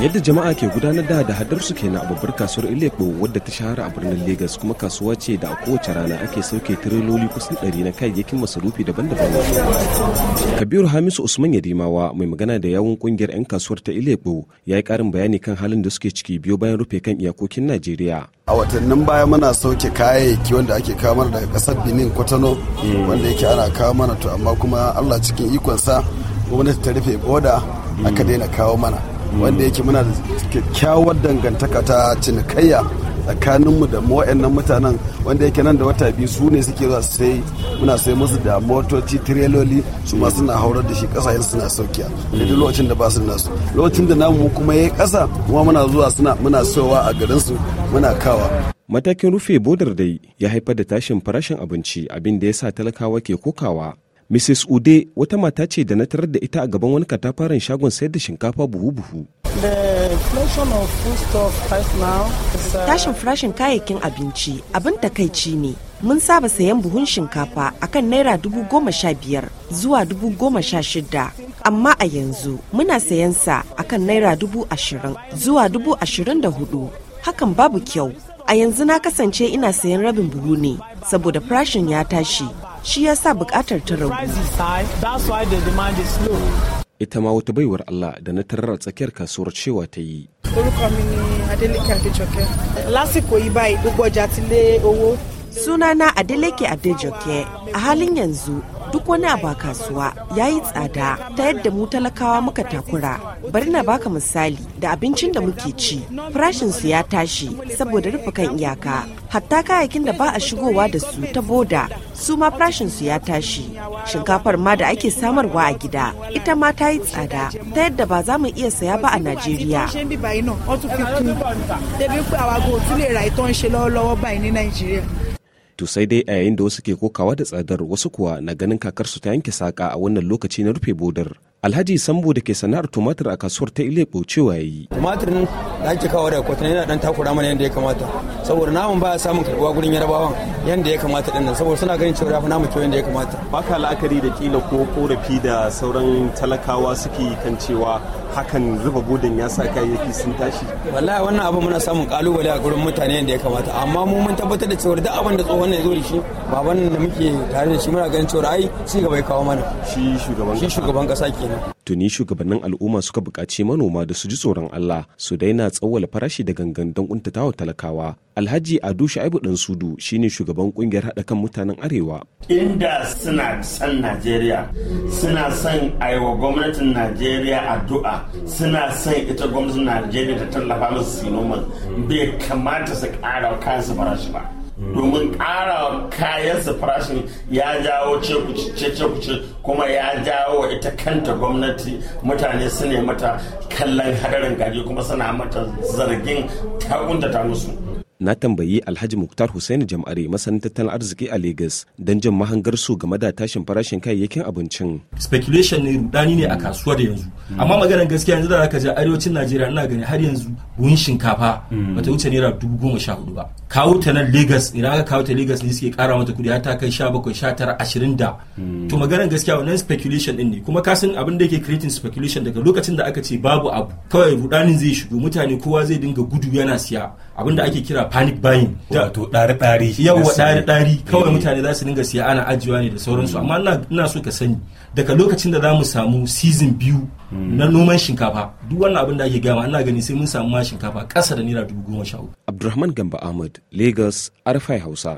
yadda jama'a ke gudanar da hadar su kenan a babbar kasuwar ilebo wadda ta shahara a birnin lagos kuma kasuwa ce da a kowace rana ake sauke tiriloli kusan ɗari na kayayyakin masarufi daban-daban kabiru hamisu usman yadimawa mai magana da yawun kungiyar 'yan kasuwar ta ilebo ya yi karin bayani kan halin da suke ciki biyo bayan rufe kan iyakokin najeriya a watannin baya muna sauke kayayyaki wanda ake kawo mana daga kasar benin kwatano hmm. wanda yake ana kawo mana to amma kuma allah cikin ikonsa gwamnati ta rufe boda aka hmm. daina kawo mana wanda yake muna da kyakkyawar dangantaka ta cinikayya tsakaninmu da wa'annan mutanen wanda yake nan da wata biyu su ne suke zuwa sai muna sai musu da motoci tireloli su ma suna haurar da shi kasayen suna saukiya da duk lokacin da ba su nasu lokacin da namu kuma yayi kasa kuma muna zuwa suna muna sowa a garin su muna kawa matakin rufe bodar dai ya haifar da tashin farashin abinci abin da ya sa talakawa ke kokawa Mrs. Ude wata mata ce da na tarar da ita a gaban wani katafaren shagon sayar da shinkafa buhu-buhu. Uh, Tashin farashin kayayyakin abinci abin takaici ne. Mun saba sayan buhun shinkafa akan naira dubu goma sha biyar zuwa dubu goma sha shida. Amma a yanzu muna sayan sa akan naira dubu ashirin zuwa dubu ashirin da hudu. Hakan babu kyau. A yanzu na kasance ina sayan rabin buhu ne saboda farashin ya tashi. shi ya sa bukatar ta ragu. Ita ma wata baiwar Allah da na tarar tsakiyar kasuwar cewa ta yi. Orúkọ mi Sunana Adeleke Adejoke a halin yanzu duk wani abu a kasuwa ya yi tsada ta yadda mu talakawa muka takura bari na baka misali da abincin da muke ci farashinsu ya tashi saboda rufe kan iyaka hatta kayakin da ba a shigowa da su ta boda su ma farashinsu ya tashi shinkafar ma da ake samarwa a gida ita ma ta yi tsada ta yadda ba za mu iya saya ba a najeriya to sai dai a yayin da wasu ke kokawa da tsadar wasu kuwa na ganin kakarsu ta yanke saƙa a wannan lokaci na rufe bodar alhaji sambo da ke sana'ar tumatir a kasuwar ta ile cewa ya yi tumatirin da ake kawo daga kwatanni yana dan takura mana yadda ya kamata saboda namun baya samun karbuwa gurin yarabawan yadda ya kamata dinnan saboda suna ganin cewa yafi namu kyau yadda ya kamata ka la'akari da kila ko korafi da sauran talakawa suke kan cewa hakan zuba godin ya sa kayayyaki sun tashi wallahi wannan abu muna samun kalubale a gurin mutane yadda ya kamata amma mu mun tabbatar da cewa duk abin da tsohon ne zo da shi baban da muke tare da shi muna ganin cewa ai ci gaba ya kawo mana shi shugaban kasa ke Tuni shugabannin al'umma suka buƙaci manoma da su ji tsoron Allah su daina tsawwala farashi da gangan don wa talakawa. Alhaji Adu Sha'ibu Dan Sudu shine shugaban ƙungiyar haɗa kan mutanen Arewa. Inda suna son Najeriya, suna son aiwa gwamnatin Najeriya addu'a, suna son ita gwamnatin Najeriya ta tallafa musu sinoman bai kamata su ƙara kansu farashi ba. domin ƙara kayansa farashin ya jawo cekuce kuma ya jawo ita kanta gwamnati mutane su ne mata kallon hadarin gaji kuma suna mata zargin ta musu. na tambayi alhaji muktar hussaini jam'are masanin tattalin arziki a lagos don jin mahangar su game da tashin farashin kayayyakin abincin speculation ne rudani ne a kasuwa da yanzu hmm. amma maganar gaskiya yanzu da zaka je arewacin najeriya ina gani har yanzu buhun shinkafa hmm. bata wuce naira dubu goma sha hudu ba kawo ta nan lagos idan aka kawo ta lagos ne suke kara mata kuɗi har ta kai sha bakwai sha tara ashirin da hmm. to maganar gaskiya wannan speculation din ne kuma ka san abin da yake creating speculation daga lokacin da aka ce babu abu kawai rudanin zai shigo mutane kowa zai dinga gudu yana siya abin da ake kira panic buying da to dare yawa dare dare kawai eh. mutane za su dinga siya ana ajiyewa ne da sauransu amma ina so ka sani daga lokacin da za mu samu season biyu hmm. na noman shinkafa duk wannan abin da ake gama ana gani sai mun samu ma shinkafa ƙasa da naira dubu goma sha Abdulrahman Gamba Ahmad, Lagos, Arfai Hausa.